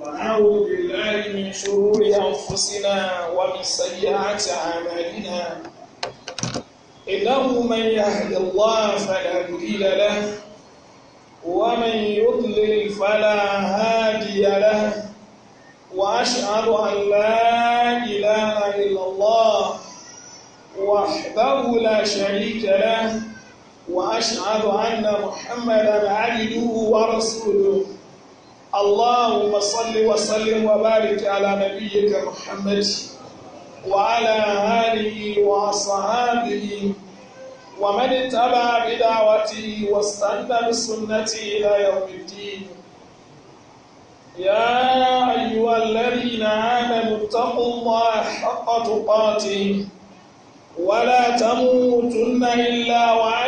ونعوذ بالله من شرور أنفسنا ومن سيئات أعمالنا إنه من يهد الله فلا مضل له ومن يضلل فلا هادي له وأشهد أن لا إله إلا الله وحده لا شريك له وأشهد أن محمدا عبده ورسوله اللهم صل وسلم وبارك على نبيك محمد وعلى آله وأصحابه ومن اتبع بدعوته واستنى بسنته إلى يوم الدين يا أيها الذين آمنوا اتقوا الله حق تقاته ولا تموتن إلا وعلى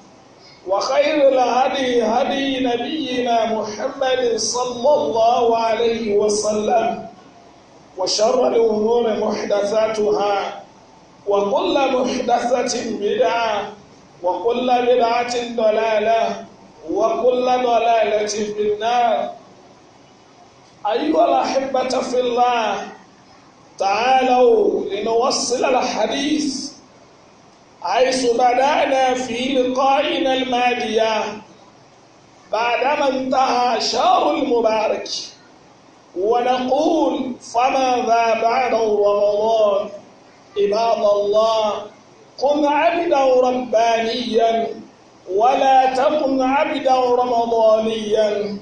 وخير الهدي هدي نبينا محمد صلى الله عليه وسلم وشر الأمور محدثاتها وكل محدثة بدعة وكل بدعة ضلالة وكل ضلالة في النار أيها الأحبة في الله تعالوا لنوصل الحديث حيث بدأنا في لقائنا المادية بعدما انتهى شهر المبارك ونقول فماذا بعد رمضان عباد الله كن عبدا ربانيا ولا تكن عبدا رمضانيا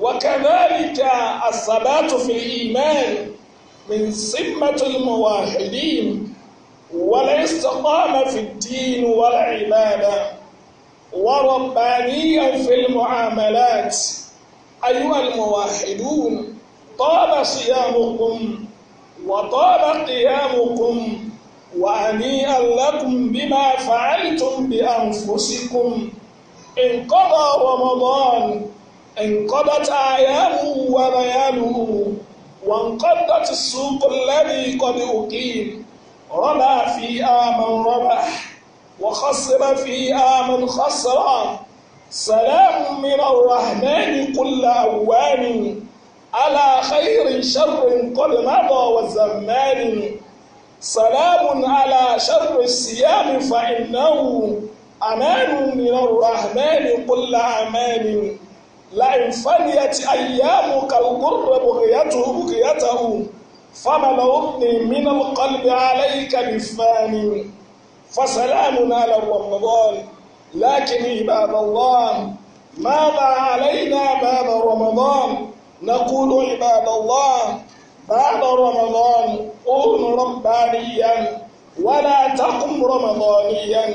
وكذلك الثبات في الإيمان من سمة الموحدين ولا استقام في الدين والعبادة وربانيا في المعاملات أيها الموحدون طاب صيامكم وطاب قيامكم وهنيئا لكم بما فعلتم بأنفسكم انقضى رمضان انقضت أعيامه وبيانه وانقضت السوق الذي قد أقيم ربى فيها من ربح وخسر فيها من خسر سلام من الرحمن كل أوان على خير شر قد مضى وزمان سلام على شر الصيام فإنه أمان من الرحمن كل أمان لئن فنيت أيامك القر بغيته بغيته فمن أمني من القلب عليك بفاني فسلام على رمضان لكن عباد الله ماذا علينا بعد رمضان نقول عباد الله بعد رمضان كن ربانيا ولا تقم رمضانيا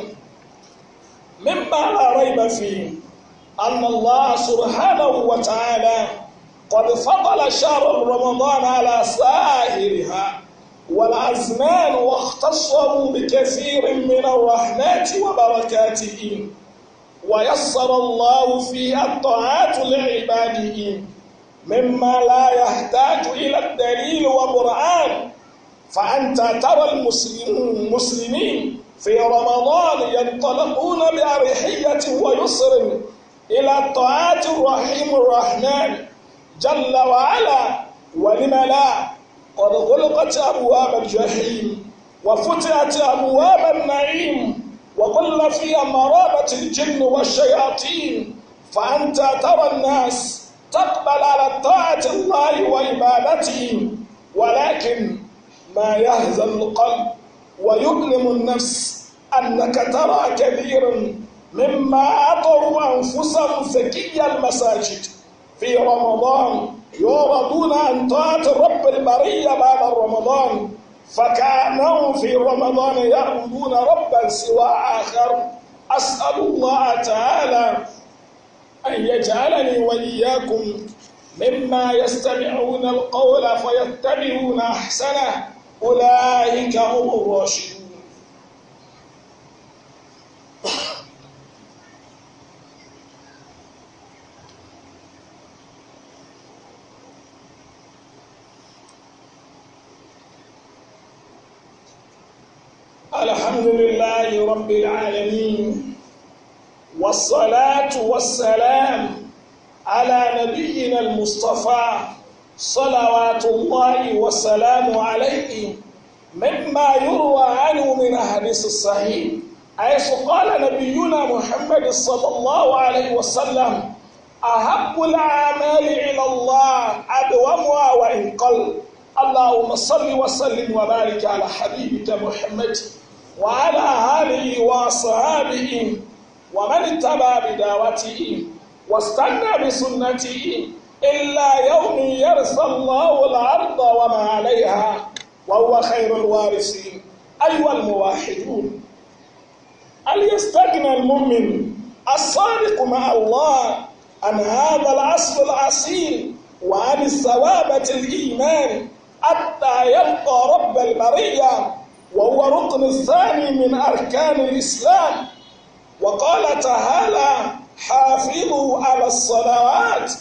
مما لا ريب فيه أن الله سبحانه وتعالى قد فضل شهر رمضان على سائرها والأزمان واختصروا بكثير من الرحمات وبركاته ويسر الله في الطاعات لعباده مما لا يحتاج إلى الدليل والقرآن فأنت ترى المسلمين في رمضان ينطلقون بأريحية ويسر إلى الطاعات الرحيم الرحمن جل وعلا ولم لا قد غلقت أبواب الجحيم وفتحت أبواب النعيم وقل فيها مرابة الجن والشياطين فأنت ترى الناس تقبل على طاعة الله وعبادته ولكن ما يهزم القلب ويؤلم النفس أنك ترى كثيرا مما أطروا أنفسهم زكي المساجد في رمضان يعرضون عن طاعة رب البرية بعد رمضان فكانوا في رمضان يعبدون ربا سوى آخر أسأل الله تعالى أن يجعلني وإياكم مما يستمعون القول فيتبعون أحسنه أولئك هم الراشدون رب العالمين والصلاة والسلام على نبينا المصطفى صلوات الله وسلامه عليه مما يروى عنه من أحاديث الصحيح حيث قال نبينا محمد صلى الله عليه وسلم أحب الأعمال إلى الله أدومها وإن قل اللهم صل وسلم وبارك على حبيبك محمد وعلى آله وأصحابه ومن اتبع بدعوته واستنى بسنته إلا يوم يرث الله الأرض وما عليها وهو خير الوارثين أيها الموحدون هل يستغنى المؤمن الصادق مع الله عن هذا العصر العصير وعن الثوابة الإيمان حتى يلقى رب البرية وهو الركن الثاني من أركان الإسلام وقال تعالى حافظوا على الصلوات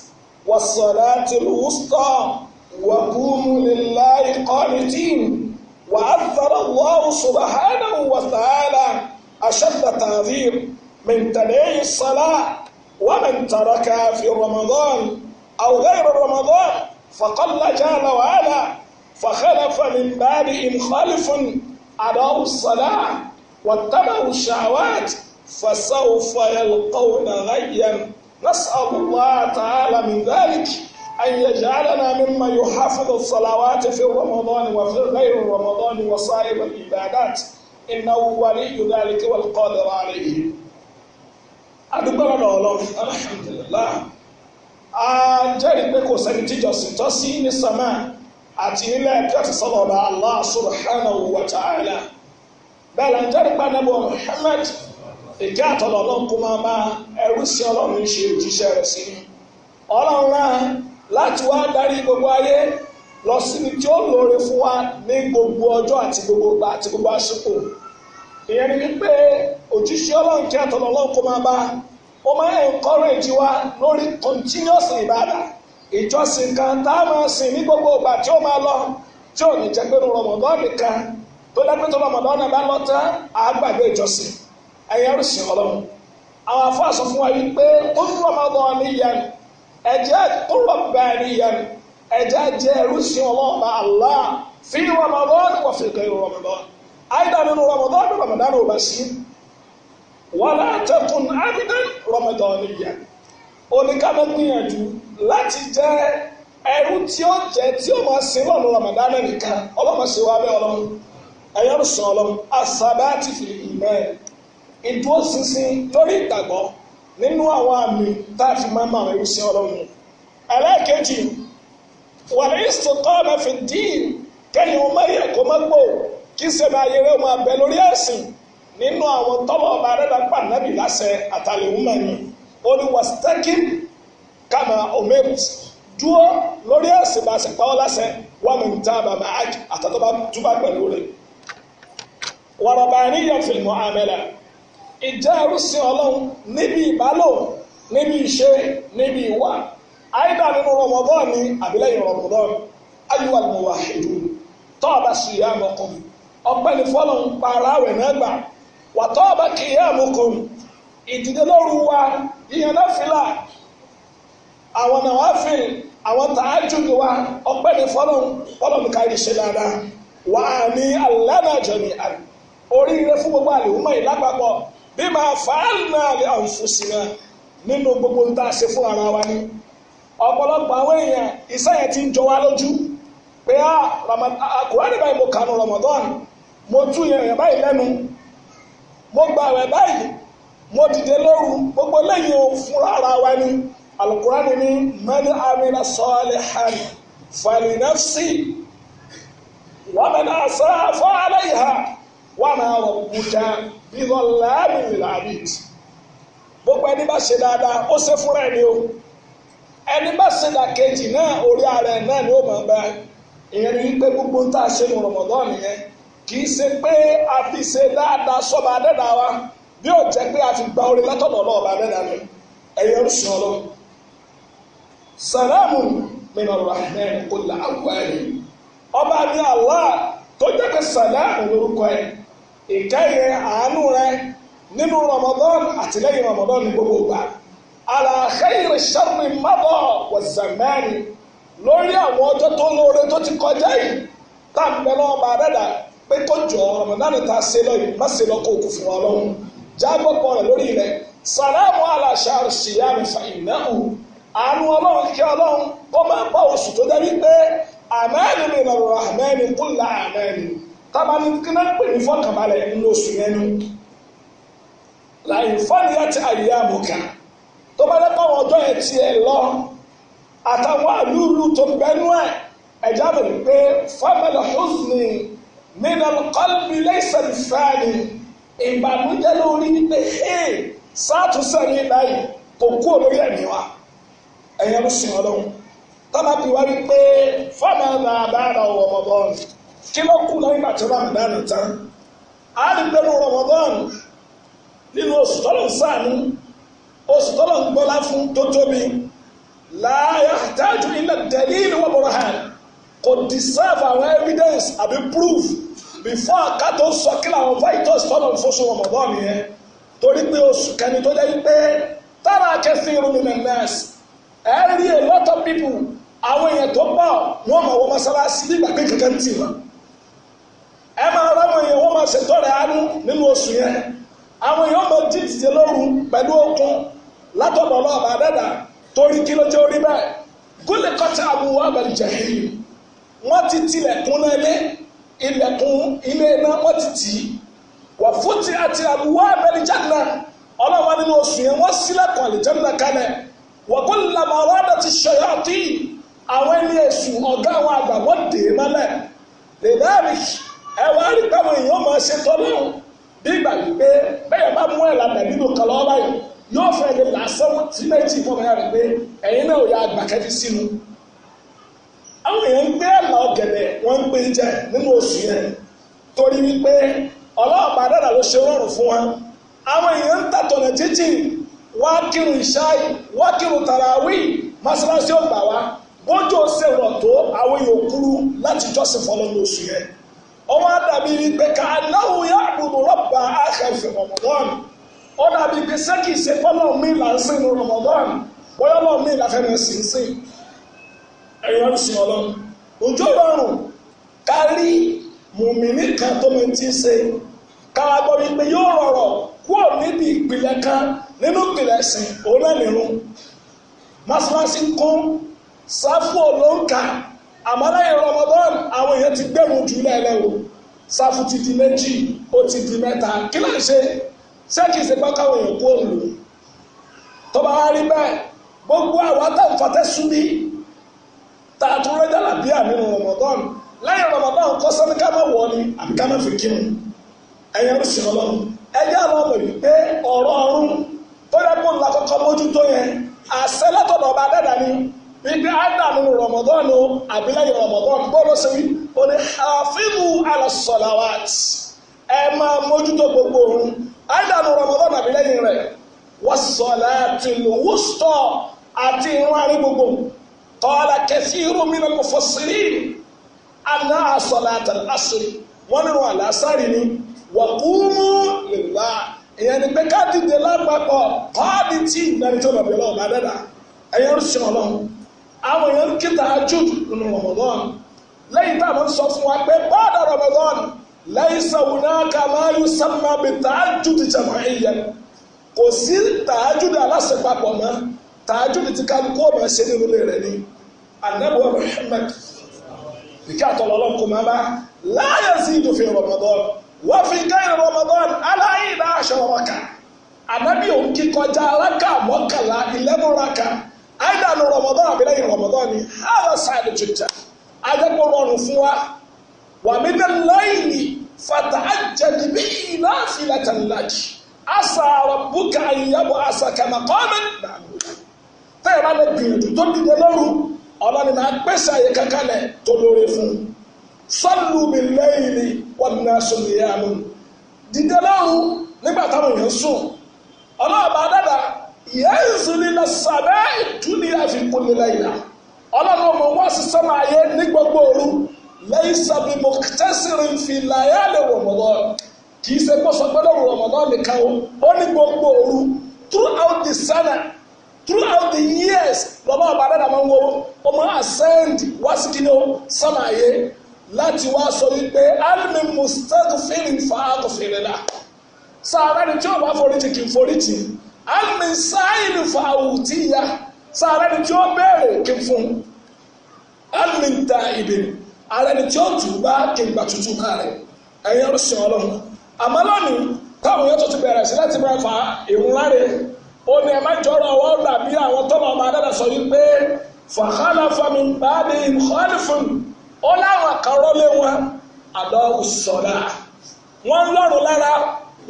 والصلاة الوسطى وقوموا لله قانتين وأثر الله سبحانه وتعالى أشد تعذير من تدعي الصلاة ومن تركها في رمضان أو غير رمضان فقل جل وعلا فخلف من بعدهم خلف أضاعوا الصلاة واتبعوا الشهوات فسوف يلقون غيا نسأل الله تعالى من ذلك أن يجعلنا ممن يحافظ الصلوات في رمضان وفي غير رمضان وصائب العبادات إنه ولي ذلك والقادر عليه adúgbò lọ́dọ̀ ọlọ́run alhamdulilah a jẹ́rìí pé kò sẹ́ni tíjọ́sìn tọ́sí ní sàmáà àti nílẹ̀ kẹ́tì sọ́dọ̀ ọba Allah subhanahu wa ta'ala bẹ́ẹ̀ la ń jẹ́rìí pa Ànábì Muhammad ìkẹ́ àtọ̀lọ́ náà kó máa máa ẹrú sí ọlọ́run ṣe òjíṣẹ́ rẹ̀ sí ọlọ́run náà láti wá darí gbogbo ayé lọ síbi tí ó lóore fún wa ní gbogbo ọjọ́ àti gbogbo ọgbà àti gbogbo àsìkò ìyẹn ni wípé òjíṣẹ́ ọlọ́run kí àtọ̀lọ́ náà kó máa bá ó máa encourage wa lórí continuous ìbádà ìjọsìn kan tá a máa sìn ní gbogbo ìgbà tí ó máa lọ tí ò ní jẹ́ pé ní rọmọdán nìkan tó dápẹ́ tó rọmọdán náà bá lọ tán á gbàgbé ìjọsìn ẹ̀yẹ rìsìn ọlọ́run àwọn afáàsọ fún wa yìí pé ó ń rọmọdán níyẹn ẹ̀jẹ̀ ó rọ̀bà níyẹn ẹ̀jẹ̀ jẹ́ rìsìn ọlọ́run bá Allah fi rọmọdán wọ̀ oníkàmọ́ gbìyànjú láti jẹ ẹrú tí ó jẹ tí ó máa sin lọ́nà Ramadan nìkan ọlọ́mọ̀ sí wa bẹ́ẹ̀ ọlọ́run ẹ̀yọ́ sùn ọlọ́run àṣàbá ti fi ìmọ̀ ìdúró lórí ìgbàgbọ́ nínú àwọn àmì tá a fi máa máa ẹrú sí ẹlẹ́ẹ̀kejì wàlẹ́ dín kẹ́yìn ọmọ yẹ kó má gbò kí sẹ́mi ayẹyẹ lórí ẹ̀sìn nínú àwọn ọba rẹ̀ dàgbà láṣẹ ó ní wàsítákìm kàmá omerit dúró lórí ẹ̀sìn bá ṣe pawọ́ lásẹ̀ wọ́n mú ta bàbá aj àtàtọ́ bá túbà pẹ̀lú rẹ̀ wàràbà níyàn fìlmù àmẹ́lẹ̀ ìjẹ́ ẹrúsìn ọlọ́run níbi ìbálò níbi ìṣe níbi ìwà àìdá nínú rọmọdán ni àbílẹ̀yìn rọmọdán ayúwà ni mo wà ìlú tọ́ọ̀bà sí ìyá ọmọkùnrin ọpẹ́ ní fọ́lọ̀ ń para náà gbà wà tọ́ọ̀bà kì í yá ọmọkùnrin ìdílé lóru wa ìyẹn náà àwọn náà wá fìlì àwọn tààjù ni wa wà ní gbogbo àlè wọ́n ma bí máa fàánà àlè nínú gbogbo fún ara ni ọ̀pọ̀lọpọ̀ àwọn èèyàn iṣẹ́ yẹn ti ń jọ wá lójú pé àkùránì ah, ah, báyìí mo kànú mo dìde lóru gbogbo lẹ́yìn o fúnra ara wa ni alukurani ni mẹ́ni amina sọ́ọ́lì asa aláìha wàmẹ́ àwọn òkúta bíbọ̀ gbogbo ẹni bá ṣe dáadáa ó ṣe fúnra ẹni o ẹni bá ṣe dàkejì náà orí ara ẹ náà ni ó gbogbo ń tà ṣe ní kì í ṣe pé a fi ṣe dáadáa bí o jẹ́ pé a ti gba orin látọ̀dọ̀ ọba mẹ́ta ẹ̀yẹ ń sùn ọlọ́ sàlámù mìíràn rahman kò ọba ní Allah tó jẹ́ pé sàlámù lórúkọ ẹ̀ ìkẹyẹ àánú rẹ nínú Ramadan Ramadan ní gbogbo gbà wọ̀ sàmẹ́rì lórí àwọn ọjọ́ tó lóore tó ti kọjá yìí táà ń bẹ lọ́wọ́ pé kó jọ ta ṣe má ṣe fún wa jábọ̀ kan rẹ̀ lórí rẹ̀ sàlámù aláṣà ṣìyàmù fàìnáhù àánú ọlọ́run kí ọlọ́run kó máa bá oṣù tó dẹ́ wípé àmẹ́ni mi lọ́rọ̀ àmẹ́ni kúlà àmẹ́ni tábà ní kí náà pè ní fọ́kànbalẹ̀ nínú oṣù yẹn nu láì fọ́ni láti àyè àbùkà tó bá dẹ́ pàwọn ọjọ́ yẹn tiẹ̀ lọ àtàwọn àlúùlù tó bẹnu ẹ̀ ẹ̀já bẹ̀rẹ̀ pé fábẹ́lẹ̀ húsni mí ìbànújẹ́ lórí wípé sátúnṣe ní báyìí kò kú olórí ẹ̀mí wa ẹ̀yẹ́ ló sìn ọlọ́run tọ́ba bí wá wípé fọ́ọ̀mù ràbára Ramadan kí ló kú lọ́yìn bàtí Ramadan tán á ní pẹ̀lú Ramadan nínú oṣù tọ́lọ̀ ń oṣù tọ́lọ̀ ń gbọ́lá fún tó tóbi láàyè àtàjù ilẹ̀ tẹ̀lé ìlú wọ́pọ̀ kò deserve our evidence àbí proof before ká tó sọ kí làwọn vitals tọ́lọ̀ ń fọ́sọ̀ Ramadan nìyẹn torí pé oṣù kẹni tó jẹ́ pé tára kẹfì rúmìnà nurse ẹ̀ rí a lot of people àwọn èèyàn tó pọ̀ wọ́n máa wọ mọ́sálásí nígbà pé kankan tì wọ́n ẹ máa ráwọn èèyàn wọ́n máa ṣètọ́rẹ̀ àánú nínú oṣù yẹn àwọn èèyàn máa jí tìjẹ lóru pẹ̀lú okun látọ̀dọ̀ ọlọ́ọ̀bà dẹ́dà torí kí ló jẹ́ orí bẹ́ẹ̀ gólè kọ́tà àbúwọ́ àbẹ̀lì jẹ̀hìn wọ́n ti tilẹ̀kùn náà lé ilẹ̀kùn ilé iná wọ́n ti tì í wà fúti àti àbúwá abẹ́lí jáde ọlọ́wọ́ nínú oṣù yẹn wọ́n sílẹ̀kùn àlìjẹ́nà kalẹ̀ wọ́n kó lamọ̀rọ̀ ọ̀dọ̀ ti ṣọyọ́ ọtí àwọn ẹni ẹ̀sùn ọ̀gá àwọn àgbà wọ́n dè é mọ́lẹ̀ lèbáàrì ẹ̀wọ̀n àríkàwọn èèyàn máa ṣe tọ́lọ́hùn bí ìgbà wípé bẹ́ẹ̀ bá mú ẹ̀ lànà nínú kan lọ́wọ́ yóò fẹ́ẹ́ lè làásán tí méjì fọmọ àwọn èèyàn ń gbé àlà ọ̀gẹ̀dẹ̀ wọ́n ń gbé jẹ nínú oṣù yẹn torí wípé ọlọ́ọ̀pàá dáadáa ló ṣe rọrùn fún wa àwọn èèyàn ń tàtọ̀nà títì wá kírun ìṣáì wá kírun tàràwí mọ́ṣáláṣí ọ̀gbà wa bójú ṣe rọ̀ tó àwọn èèyàn kúrú láti jọ́sìn oṣù yẹn ọmọ àdàbí wípé ká yá rọ́bà ẹ̀yọ́ ń sin ọlọ́run òjò rọrùn ká rí mùmíní kan tó mi ti ṣe kára gbọ́ wípé yóò rọrọ̀ kúrò níbi ìpìlẹ̀ kan nínú ìpìlẹ̀ ẹ̀sìn òun náà nìrun mọ́sálásí kún sáfù olóńkà àmọ́ lẹ́yìn Ramadan àwọn èèyàn ti gbẹ̀rù jù lẹ́lẹ́ o sáfù ti di méjì ó ti di mẹ́ta kí ló ń ṣe ṣé kìí ṣe pé káwọn èèyàn kú òun tó bá wá rí bẹ́ẹ̀ gbogbo àwọn àtàǹfàtẹ́sùn bíi tá a tún rẹ́ jàlábí àmì nù Ramadan lẹ́yìn Ramadan kọ́ sẹ́ni ká má wọ̀ ni àbí ká má fi kírun ẹ̀yẹ ń sìn ọlọ́run ẹjẹ́ àwọn ọmọ yìí pé ọ̀rọ̀ ọ̀run tó yẹ kó ńlá kọ́kọ́ mójútó yẹn àṣẹ látọ̀dọ̀ ọba dẹ́dà ni ibi ádàmù Ramadan àbí lẹ́yìn Ramadan bọ́ọ̀lù sẹ́wí ó ní àfihù ala àti ìrún àrí gbogbo qala kathirun minal mufassirin anna salat al-asr wọ́n nínú àlásàrì ni wa qumu lillah ìyẹn ni pé ká dìde lápapọ̀ káàdì tí ìgbàlè tó lọ́bẹ̀ lọ́wọ́ bá dẹ́dà ẹ̀yẹ ń sìn ọlọ́run àwọn èèyàn ń kíta ajú nínú Ramadan lẹ́yìn tá a máa ń sọ fún wa pé báàdà Ramadan lẹ́yìn sàwùnà kàmáyù sàmà bí tààjú ti jàmà kò sí tààjú di alásèpapọ̀ mọ́ tààjú ti kálukú ọ̀bà ṣe nínú rẹ̀ ni anábọ̀ Muhammad ìkẹ́ àtọ̀lọ́lọ́ kò máa bá láyé sí ìdòfin Ramadan wọ́n fi gáyìn Ramadan aláyé ìdá aṣọ ọ̀rọ̀kà anábì òun kíkọjá aláka mọ́kànlá ìlẹ́nu raka àìdánù Ramadan àbílẹ̀yìn Ramadan ni hàrá sáàdì tuntun ajẹ́pọ̀ rọrùn fún wa wà mí ní lẹ́yìn fata ajẹ́ni bí iná filatan laki asa rabbuka ayyabu asa kama qaman tẹ́yẹ̀ bá lè gbìyànjú tó dìde lọ́rùn ọlọ́ni máa pèsè àyè kankanlẹ̀ tó lóore fún un mi lẹ́yìn ni wọ́n nìyẹn dídé lọ́rùn nígbà táwọn èèyàn sùn dàda yẹn ọlọ́run ọmọ wọn máa yẹ ní gbogbo òru lẹ́yìn mo tẹ́sìrì fi kì í ṣe gbọ́sọ̀gbọ́dọ̀ nìkan ó ní gbogbo òru throughout the throughout the years lọ́ba ọba dada máa ń wo ọmọ ascend wá sí kí ni ó sánà ayé láti wá sọ wípé alimi mustadu feeling fa ato feeling la sàárà ni tí o bá foríjì kì í foríjì alimi sáyìn fa awùtí ya sàárà ni tí o béèrè kì í fún alimi ta ìbè ara ni tí o tù bá kì í gbà tutù kárẹ̀ ẹ̀yin ọ̀sìn ọlọ́run àmọ́ táwọn yóò tó ti bẹ̀rẹ̀ sí láti máa fa ìrún láre ó ní ẹ má jọrọ ọwọ́ rà bí àwọn tọ́lọ̀ ọba dáadáa sọ yìí pé fàkàlà fami báàdì ìmọ̀lẹ́fọ̀n ó láwọn àkàrọ̀ lé wọn àlọ́ òṣìṣọ́lá wọ́n ń lọ́rùn lára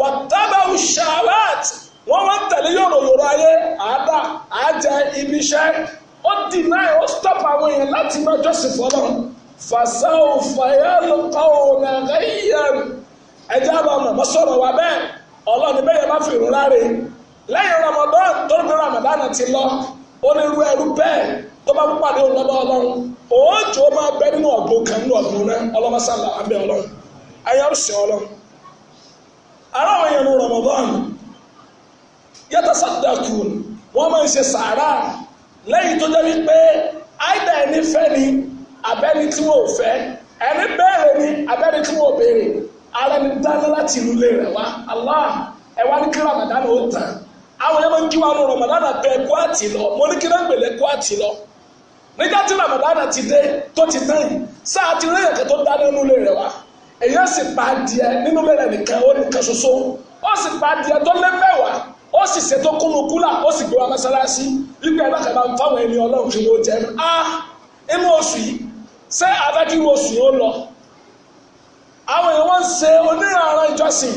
wàtábà òṣàwàt wọ́n wọ́n tẹ̀lé yòrò yòrò ayé àádá àájẹ ibi iṣẹ́ ó dìnnà ó stop àwọn èèyàn láti má jọ́sìn fọlọ́run fasáwò fàyẹ́lù káwò nàgẹ́yẹ̀rù ẹ̀jẹ̀ àbámu ọ̀sọ̀rọ̀ wa bẹ́ẹ̀ ọlọ́ni bẹ́ẹ̀ yẹn bá fi ìrora rè lẹ́yìn Ramadan tó Ramadan ti lọ onírú ẹrú bẹ́ẹ̀ tó bá pàdé òun lọ́dọ̀ ọlọ́run òòjò máa bẹ nínú ọ̀gbọ́n kan nínú ọ̀gbọ́n náà ọlọ́mọsálà abẹ́ ọlọ́run ayárùsẹ̀ ọlọ́run ará àwọn èèyàn ní Ramadan yàtọ̀ sàdákù wọ́n máa ń ṣe sàárà lẹ́yìn tó jẹ́ wípé àìdá ẹni fẹ́ ni abẹ́ni tí wọ́n ò fẹ́ ẹni bẹ́ẹ̀rẹ̀ ni abẹ́ni tí wọ́n ò béèrè ara ni dáná láti ìlú lè rẹ̀ wá Allah ẹ̀ wá ní kí Ramadan ó tàn àwọn yẹn máa ń jí wa ní ramadana bẹ kwati lọ mo ní kí náà gbèlè kwati lọ nígbà tí ramadana ti dé tó ti dé yìí sáà ti rí ẹ̀kẹ́ tó dáná nínú ilé rẹ wa èyí sì pa adìẹ nínú ilé rẹ nìkan ó nìkan ṣoṣo ó sì pa adìẹ tó lé mẹ́wàá ó sì ṣètò kúnnú kúlà ó sì gbé wa mọ́sálásí ibi ẹ̀ lọ́kàn máa ń fáwọn ẹni ọlọ́run kí ló jẹ ẹ́ a inú oṣù yìí ṣé abẹ́kí oṣù yìí ó lọ àwọn èèyàn wọ́n ń ṣe onírànà ìjọsìn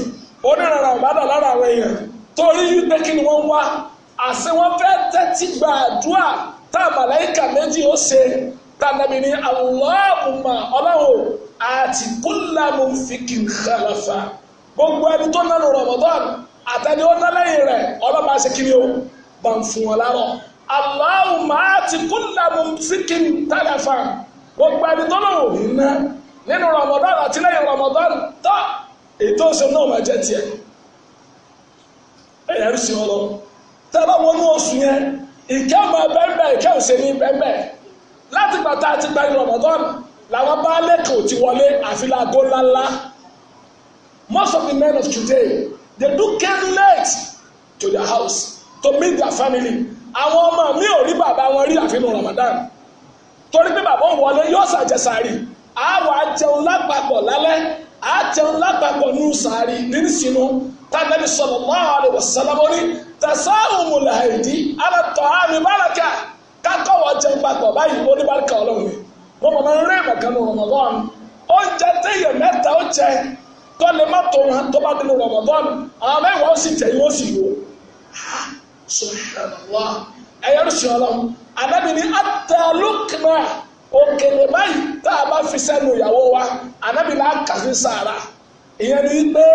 onírànà ìbádà lára àwọn èèyàn torí wípé kí ni wọ́n wá àṣẹ wọ́n fẹ́ tẹ́tí gba àdúrà tá màláìkà méjì ó ṣe tànàbí ní Allahumma ọlọ́run àti kulla munfikin khalafa gbogbo ẹni tó nánu Ramadan àtẹni ó nálẹ́yìn rẹ̀ ọlọ́ba ṣe kí ni o bá ń fún wọn lárọ̀ Allahumma àti kulla munfikin khalafa gbogbo ẹni tó nánu òní ná nínú Ramadan àti lẹ́yìn Ramadan tó ètò ìṣẹ́ náà máa jẹ́ tiẹ̀ ẹ̀yà ń ọlọ tẹ́lá wọn ní oṣù yẹn ìkẹ́ ọmọ bẹ́ẹ̀ ìkẹ́ òṣèlú bẹ́ẹ̀ láti gbàtà àti gbàyìn Ramadan làwọn baálé kò ti wọlé àfi ńláńlá most of the men of today they do came late to their house to meet their family àwọn ọmọ mi ò rí bàbá wọn rí àfihàn Ramadan torí pé bàbá wọlé yóò ṣàjẹsàárì àá wàá lápapọ̀ lálẹ́ àá jẹun lápapọ̀ nù sàárì nínú sínú tàbí sallallahu alaihi wasallam ní tẹ̀sáhùn mùlàhìdì alátọ̀ àmì báràkà kákọ̀wọ́ jẹ́ papọ̀ báyìí ó ní báràkà ọlọ́run ni wọ́n mọ̀ máa ń rí ìmọ̀kan ní Ramadan oúnjẹ téèyàn mẹ́ta ó jẹ tó lè má tó wọn tó bá nínú Ramadan àwọn mẹ́wàá ó sì tẹ̀ yóò sì yó subhanallah ẹ̀yẹ́ rẹ̀ sùn ọlọ́run àdábì ní àtàlùkìmá òkèlè báyìí tá a bá fi sẹ́nu ìyàwó wa àdábì ni pé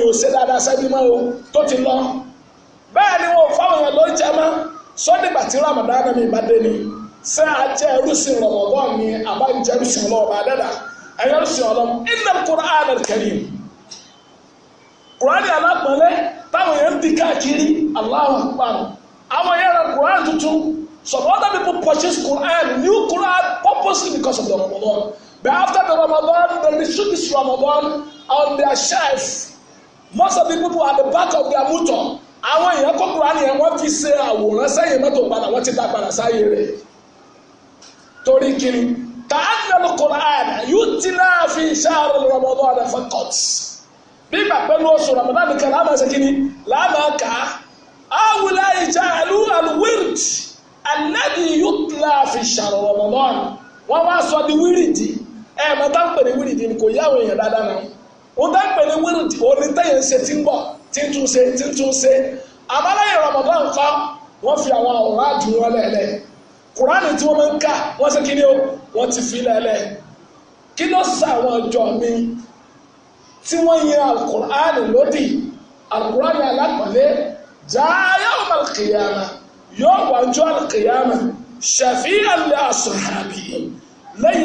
èèyàn ò ṣe dáadáa sẹ́bí mọ́ o tó ti lọ bẹ́ẹ̀ ni wọn ò fáwọn èèyàn ló ń jẹ mọ́ sọ́dìgbà tí Ramadan mi bá dé ni sẹ́ ajẹ́ ẹrúsìn Ramadan mi àbájẹ́ ẹrúsìn ọlọ́ọ̀bà dẹ́dà ẹrúsìn ọlọ́m innal Qur'an al-Karim Qur'an alápọ̀lẹ́ táwọn èèyàn ń di káàkiri Allahu Akbar àwọn èèyàn ra Qur'an tuntun some other people purchase Qur'an new Qur'an purposely because of the Ramadan but after the Ramadan they shoot Ramadan on their shelf most of the people at the back of their motor àwọn èèyàn kókòrò àníyàn wọ́n fi ṣe àwòrán sẹ́yìn mọ́tò padà wọ́n ti dá padà sáyé rẹ̀ torí kiri tààdínlẹ́nu Qur'an yóò ti náà fi ṣáàrù lọ́mọdún àdàfẹ́ court bíbà pẹ̀lú oṣù Ramadan nìkan láàmà ṣe kíni láàmà kà á awùlá ìjà àlù àlùwírìd ànádì yóò náà fi ṣáàrù Ramadan wọ́n wá sọ di wírìdì ẹ̀ẹ̀mẹ́ta ń pè ní wírìdì ni kò yáwó èèyàn dáadáa náà ó dápẹ́ ní wíìrìdì òní tẹ́yẹ̀ ń ṣe tí ń bọ̀ tí ń tún ṣe tí ń tún ṣe àbáláyé Ramadan fa wọ́n fi àwọn àwòrán àdúrà lẹ́lẹ̀ kùránì tí wọ́n máa ń kà wọ́n ṣe kí ni ó wọ́n ti fi lẹ́lẹ̀ kí ló sa àwọn ọjọ́ mi tí wọ́n yin alukur'ani lódì alukur'ani alápàlẹ́ jáyà ọmọlùkìyàmà yóò wà jọ ṣàfi àlẹ́ àṣọ àbí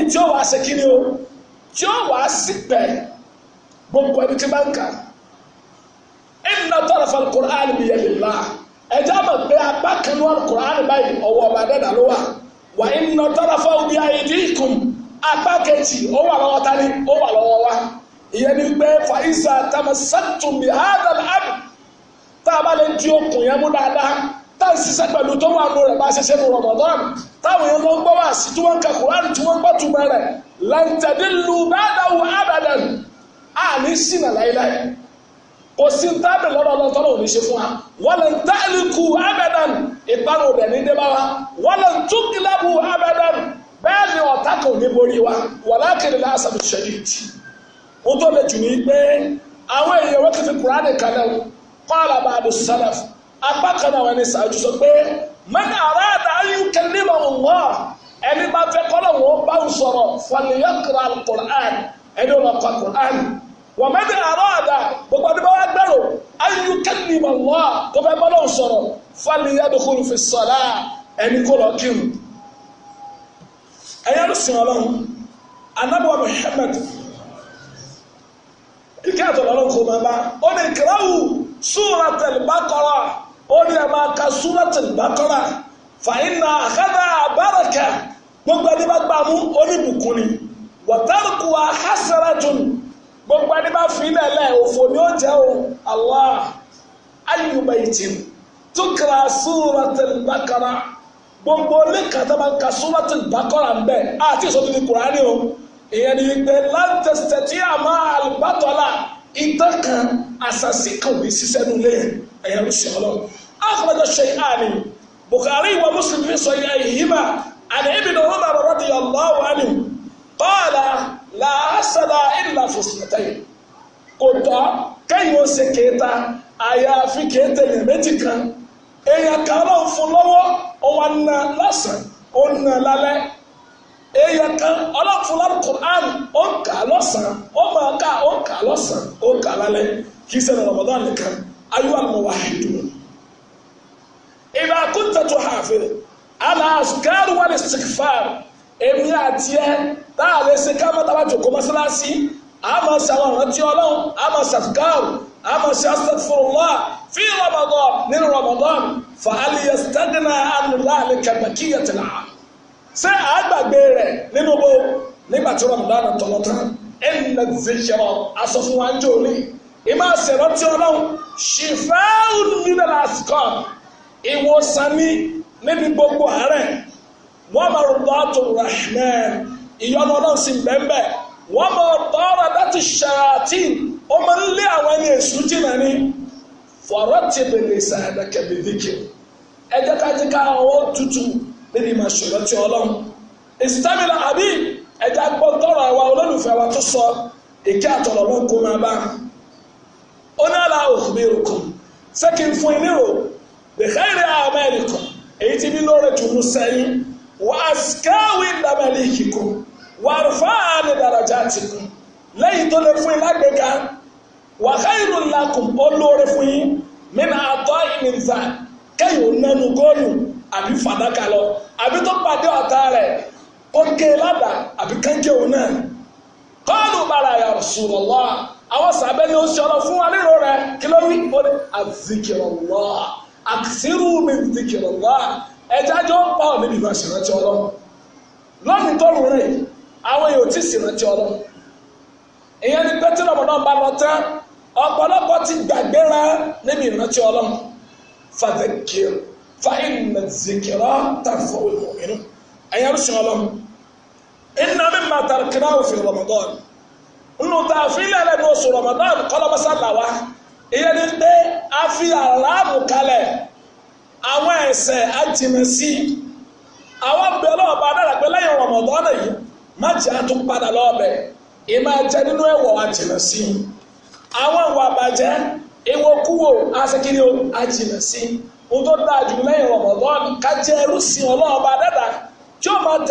tí ó wàá ṣe kí ni ó tí ó wàá sí pẹ̀lú gbogbo ẹni tí máa ń kà inna tarafa alukur'an bi yadillah ẹja mọ̀ pé apá kan wọn alukur'an báyìí ọwọ́ ọba dẹ́dà ló wà wà inna tarafa bi aydikum apá kejì ó wà lọ́wọ́ tani ó wà wa ìyẹn ni pé fàyísà tamassaktum bi hadha al-amr tá di okùn yẹn mú dáadáa tá a ṣiṣẹ́ tó wà lórí ẹ̀ bá ní Ramadan táwọn yẹn lọ ń wá sí tí wọ́n ń ka tí wọ́n ń tuma rẹ̀ lan tadillu ba'dahu abadan àní sínà láíláí kò sí ń tábìlì lọ́dọ̀ ọlọ́tọ́lọ́ ò ní ṣe fún wa wọ́lẹ̀ ń táàlì kú abẹ́dàn ìparun rẹ̀ ní débá wa wọ́lẹ̀ ń tún kílábù abẹ́dàn bẹ́ẹ̀ ni ọ̀tá kò ní borí wa wàlákìrì lásàbí ṣẹ̀díìtì ó tó lè jù ní pé àwọn èèyàn wọ́n ti fi kùránì kalẹ̀ kọ́ọ̀lá bá a lè apá kan náà wọ́n ní sàájú sọ pé mẹ́ta aráàdá ayé kẹ́lẹ́ mọ̀ wọ́ ẹni bá fẹ́ wọ́n mẹ́tẹ̀ àrọ́ àdá gbogbo àdúgbò wa gbẹ̀rù ayú kẹ́lí mọ̀ wá tó fẹ́ bọ́lọ̀ sọ̀rọ̀ fali adókòrò fi sọ̀rọ̀ ẹni kó lọ kírun. ẹ̀yẹ́ ló sìn ọlọ́run anábọ̀ Muhammad kíkẹ́ àtọ̀lọ́ ló kó máa bá ó ní kíláwù súratul Baqara ó ní ẹ̀ máa ka súratul Baqara fàyínà àkàdà àbáràkà gbogbo àdébàgbàmú oníbùkún ni wàtàrùkù àhásàràtún gbogbo ẹni bá fi ilẹ̀ lẹ̀ òfò ni ó jẹ́ o allah ayyuba ìtìm tukra suratul bakara gbogbo lẹ́kàtà máa ń ka suratul bakara ń bẹ̀ àti ìsọtún ní kùránì o ìyẹn ni wípé látẹsẹ̀ tí a máa àlùbátọ́lá ìtàn kan àṣàṣì kan ò ní ṣiṣẹ́ nulẹ̀ ẹ̀yẹ ló ṣe ọlọ́run akhraja shaykhani bukhari wa muslim fi sọ yẹ ìyíba àdéhìbìnrin ọlọ́run radiyallahu anhu qala làásàdà ìlàfò sùnmẹ́tẹ́yìn kò tọ́ kẹ́yìn ó ṣe kéta àyàfi kéta èèyàn méjì kan èèyàn kan ló ń fún lọ́wọ́ ó wà nà lásán ó nà lálẹ́ èèyàn kan ọlọ́fun lálùkùránì ó ń kà lọ́sàn-án ó máa kà ó ń kà lọ́sàn-án ó ń kà lálẹ́ kì í ṣẹlẹ̀ Ramadan nìkan ayé wà lọ́wọ́ àìdùn. ìbá kúntà tó hàfẹ́ alá azkar wal istighfar èmi àti ẹ tá a lè ṣe ká má tàbá jòkó mọ́ṣáláṣí àmọ́ ṣe àwọn ìrántí ọlọ́run àmọ́ ṣàfikàrù àmọ́ ṣe astaghfirullah fi Ramadan nínú Ramadan fàálì yastagna ànúlá àlẹ kẹgbẹkí yẹtìlá ṣé àgbàgbé rẹ nínú bó nígbà tí Ramadan tọ̀nà tán ẹnì náà ti ṣe ṣẹlọ aṣọ fún wa ń jò ní ìmọ̀ ṣèrántí ọlọ́run ṣìfẹ́ mọ̀rọ̀tò rahman ìyọ́nú ọlọ́run sì bẹ́ẹ̀ wọ́n mọ̀ tọ́ra láti ṣàtì ó máa ń lé àwọn ẹni èṣù jìnnà ni fọ̀rọ̀tì bèlè sàdẹ̀kẹ̀ bèbèkè ẹ jẹ́ ká jẹ́ ká ọwọ́ tutù níbi máa ṣòro tí ọlọ́run ìsìtámìlà àbí ẹ jẹ́ agbọ́ tọ́rọ àwa olólùfẹ́ wa tó sọ èké àtọ̀rọ̀ ló ń kó máa bá ó ní àlà òkùnbẹ̀rùkùn sẹ́kì ń fún ìnírò bẹ̀kẹ́rẹ́ àmẹ́rìkùn èyí ti bí lóore jù wàásìkáwì a ìkìkù wàrúfáàní dàrájà tìkù tó lè fún yín lágbèéká wàháìlú làkùn olóore fún yín mẹ́nà àtọ́ ìmìrìsà kẹ́yìn onánú góòlù àbí fàdákà goolu àbí tó pàdé ọ̀tá rẹ̀ ó ké ládà àbí kánjẹ́ òun náà bàrà yà ya àwọn sàbẹ̀ ni ó ṣọlọ fún alérò rẹ̀ kí ló wí ó ní àzìkìrọ̀lá àkìsírù mi ẹja jọ pa ọ̀nà ìbá ṣèrántí ọlọ́run tó rúnrìn àwọn èèyàn ti ṣèrántí ọlọ ìyẹn ni pé tí rọmọdún bá lọ ti gbàgbéra níbi ìrántí ọlọ́run fàdékìr fàìnà zìkìrọ̀ tàfọ̀ olùmọ̀mìnú mi tàrí òfin a fi oṣù ìyẹn pé àwọn ẹ̀ṣẹ̀ àjìnà awọn i àwọn ọba dára pé lẹ́yìn rọmọdọ́nà yìí má jẹ́ àtún padà lọ́ọ̀bẹ̀ Ima ẹ̀jẹ̀ nínú ẹ̀wọ̀ àjìnà sí i àwọn ìwà àbàjẹ́ ìwọ̀kúwò aṣèkiri àjìnà sí i ohun tó dáa jù tí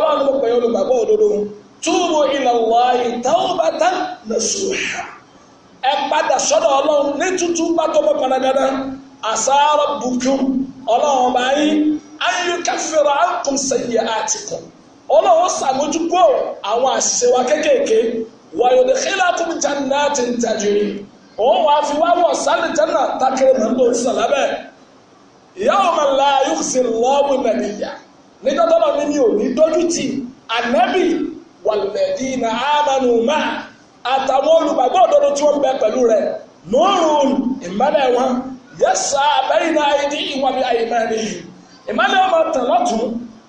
tí mo túbù ilallahi tawbatan nasuha ẹ padà sọ́dọ̀ ọlọ́run ní tútù bá tó bọ́ panagada asa rabbukum ọlọ́run bá yín an yukaffira ankum sayyi'atikum ọlọ́run sàmójúkú àwọn àṣìṣe wa kéékèèké wa yudkhilakum jannatin tajri òun wàá fi wá wọ̀ sálì jẹ́nà tákìrì mọ́ tó ń sọ lábẹ́ yawma la yukhzi Allahu nabiyya nígbà tó bá mi ní dójú tì ànábì wàlùmẹ̀dínà àmàlù máa àtàwọn olùgbàgbọ́ òdodo tí wọ́n bẹ pẹ̀lú rẹ̀ nùrùn ìmọ́lẹ̀ wọn yẹ́sà bẹ́yìn náà ayé ní ìwà bí ayé máa ní yìí ìmọ́lẹ̀ wọn máa tàn lọ́tún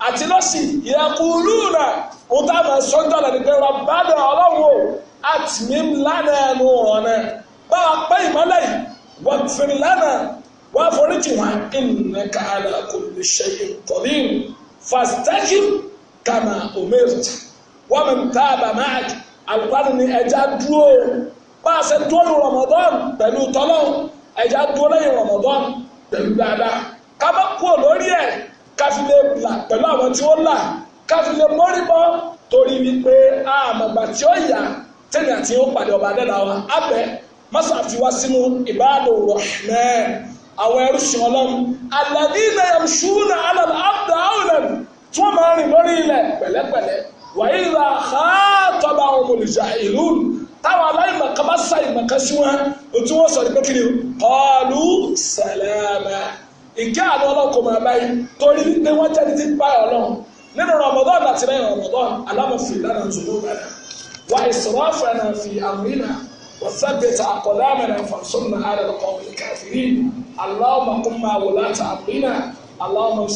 àti lọ́sì ìyàkùrú náà ó tá a máa sọ ń dọ̀là nípa ẹ̀rọ bá ọlọ́wọ́ àti mi lánàá ẹnu ọ̀rọ̀ náà bá a pẹ́ ìmọ́lẹ̀ yìí wọ́n fi lánàá wọ́n foríjì wọn ìnìkà àlàkùnrin ṣe ìkọ̀rí fàstẹ́kì kàmà òmèrè wọ́n mọ̀ tá a bà máa jù alùpàdé ni ẹja dúró bá a ṣe dúró ní Ramadan pẹ̀lú tọ́lọ́ ẹja dúró lẹ́yìn Ramadan pẹ̀lú dáadáa ká má kú lórí ẹ̀ ká fi lè là pẹ̀lú àwọn tí ó là ká fi lè mórí bọ́ torí wípé àmàgbà tí ó yà tẹ́lẹ̀ àti ó pàdé ọba dẹ́la wa abẹ́ mọ́sá fi wá sínú ìbáàdò rọ̀hánẹ́ àwọn ẹrú sùn ọlọ́run alladhina yamshuna 'ala al-ardi hawnan tí wọ́n máa rìn lórí ilẹ̀ pẹ̀lẹ́pẹ̀lẹ́ wàyí ra xaatọ́ba ọmọlùjà ìlú táwọn aláìmọ̀ kaba sa ìmọ̀ kasi wọn o tún wọ́n sọ̀rọ̀ pékiri kọ́ọ̀lù sàlámà ìkẹ́ àná ọlọ́kọ̀ máa báyìí torí pé wọ́n jẹ́ títí báyọ̀ ọlọ́run nínú Ramadan àti lẹ́yìn Ramadan alámọ̀fin lánà zùmọ̀ bàdà wà ìsọ̀rọ̀fẹ̀ náà fi àmúrínà وثبت أقدامنا فانصرنا على القوم الكافرين اللهم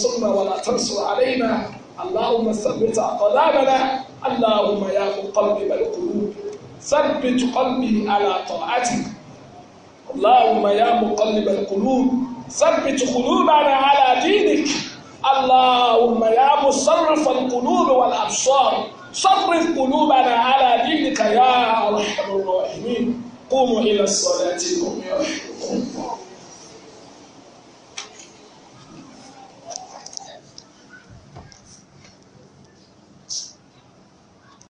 اللهم ثبت أقدامنا اللهم يا مقلب القلوب ثبت قلبي على طاعتك اللهم يا مقلب القلوب ثبت قلوبنا على دينك اللهم يا مصرف القلوب والأبصار صرف قلوبنا على دينك يا أرحم الراحمين قوموا إلى الصلاة قوموا يرحمكم الله